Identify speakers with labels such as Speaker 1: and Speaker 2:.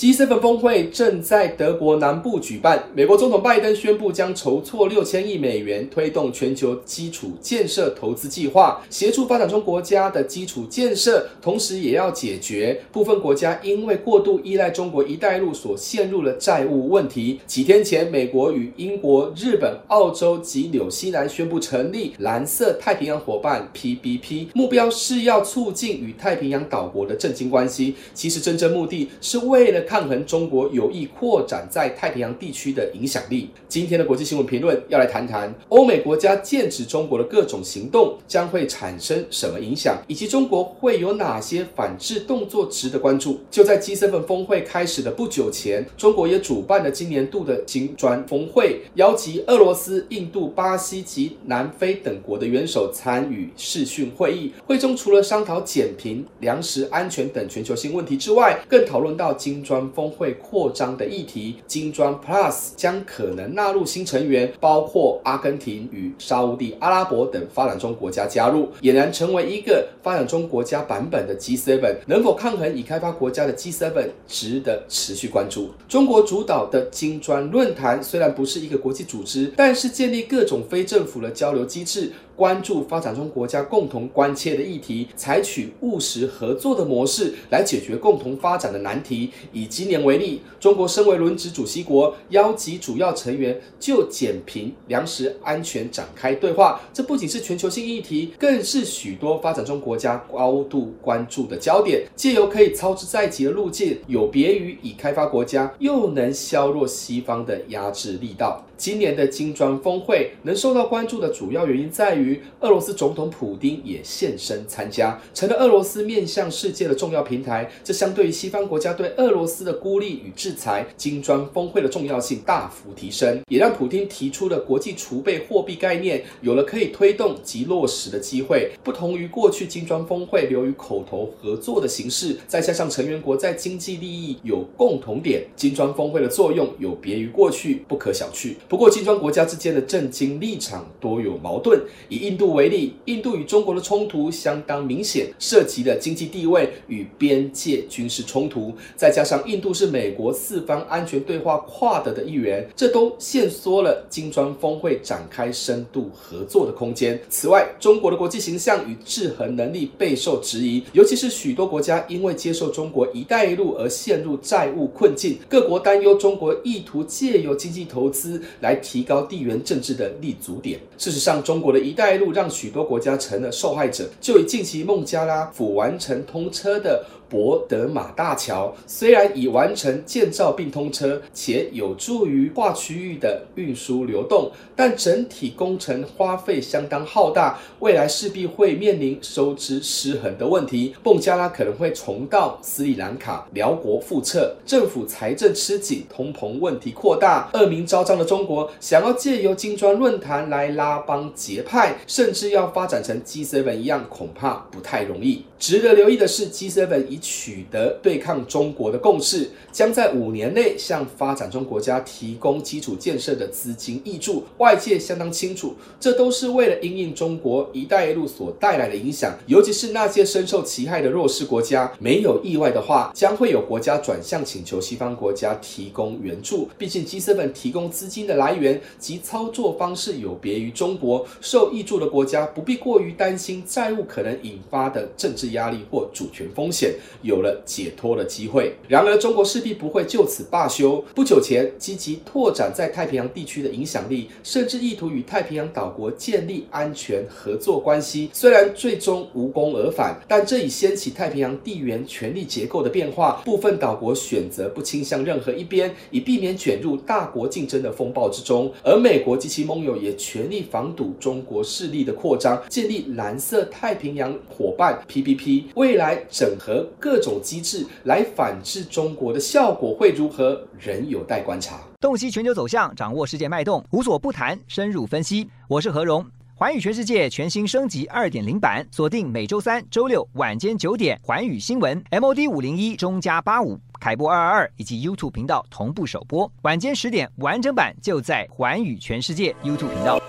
Speaker 1: G7 峰會正在德國南部舉辦。美國總統拜登宣布將籌措六千億美元，推動全球基礎建設投資計劃，協助發展中國家的基礎建設，同時也要解決部分國家因為過度依賴中國“一帶一路”所陷入了債務問題。幾天前，美國與英國、日本、澳洲及紐西蘭宣布成立“藍色太平洋夥伴 ”（PBP），目標是要促進與太平洋島國的政經關係。其實，真正目的是為了。抗衡中國，有意擴展在太平洋地區的影響力。今天的國際新聞評論要來談談，歐美國家劍指中國的各種行動將會產生什麼影響，以及中國會有哪些反制動作值得關注。就在 G7 峰會開始的不久前，中國也主辦了今年度的金磚峰會，邀集俄羅斯、印度、巴西及南非等國的元首參與視訊會議。會中除了商討減貧、糧食安全等全球性問題之外，更討論到金磚。磚峰會擴張的議題，金磚 Plus 將可能納入新成員，包括阿根廷與沙烏地阿拉伯等發展中國家加入，儼然成為一個發展中國家版本的 G7。能否抗衡已開發國家的 G7，值得持續關注。中國主導的金磚論壇雖然不是一個國際組織，但是建立各種非政府的交流機制，關注發展中國家共同關切的議題，採取務實合作的模式來解決共同發展的難題。以以今年為例，中國身為輪值主席國，邀集主要成員就減貧、糧食安全展開對話。這不僅是全球性議題，更是許多發展中國家高度關注的焦點。借由可以操之在即的路徑，有別於已開發國家，又能削弱西方的壓制力道。今年的金磚峰會能受到關注的主要原因在於，俄羅斯總統普丁也現身參加，成了俄羅斯面向世界的重要平台。這相對於西方國家對俄羅斯的孤立與制裁，金磚峰會的重要性大幅提升，也讓普丁提出的國際儲備貨幣概念有了可以推動及落實的機會。不同於過去金磚峰會流於口頭合作的形式，再加上成員國在經濟利益有共同點，金磚峰會的作用有別於過去，不可小覷。不過，金磚國家之間的政經立場多有矛盾。以印度為例，印度與中國的衝突相當明顯，涉及了經濟地位與邊界軍事衝突。再加上印度是美國四方安全對話跨的的一員，這都限縮了金磚峰會展開深度合作的空間。此外，中國的國際形象與制衡能力備受質疑，尤其是許多國家因為接受中國“一帶一路”而陷入債務困境，各國擔憂中國意圖借由經濟投資。來提高地緣政治的立足點。事實上，中國的一帶一路讓許多國家成了受害者。就以近期孟加拉剛完成通車的博德馬大橋雖然已完成建造並通車，且有助於跨區域的運輸流動，但整體工程花費相當浩大，未來勢必會面臨收支失衡的問題。孟加拉可能會重蹈斯里蘭卡、寮國覆轍，政府財政吃緊，通膨問題擴大，惡名昭彰的中國想要借由金磚論壇來拉幫結派，甚至要發展成 G7 一樣，恐怕不太容易。值得留意的是，G7 一取得對抗中國的共識，將在五年內向發展中國家提供基礎建設的資金挹注。外界相當清楚，這都是為了因應中國“一帶一路”所帶來的影響，尤其是那些深受其害的弱勢國家。沒有意外的話，將會有國家轉向請求西方國家提供援助。畢竟，G7 提供資金的來源及操作方式有別於中國，受挹注的國家不必過於擔心債務可能引發的政治壓力或主權風險。有了解脫的機會。然而，中國勢必不會就此罷休。不久前，積極拓展在太平洋地區的影響力，甚至意圖與太平洋島國建立安全合作關係。雖然最終無功而返，但這已掀起太平洋地緣權力結構的變化。部分島國選擇不傾向任何一邊，以避免捲入大國競爭的風暴之中。而美國及其盟友也全力防堵中國勢力的擴張，建立藍色太平洋伙伴 （PBP），未來整合。各種機制來反制中國的效果會如何，仍有待觀察。洞悉全球走向，掌握世界脈動，無所不談，深入分析。我是何榮，寰宇全世界全新升級二點零版，鎖定每周三、周六晚間九點，寰宇新聞 MOD 五零一中加八五凱擘二二二，以及 YouTube 頻道同步首播，晚間十點完整版就在寰宇全世界 YouTube 頻道。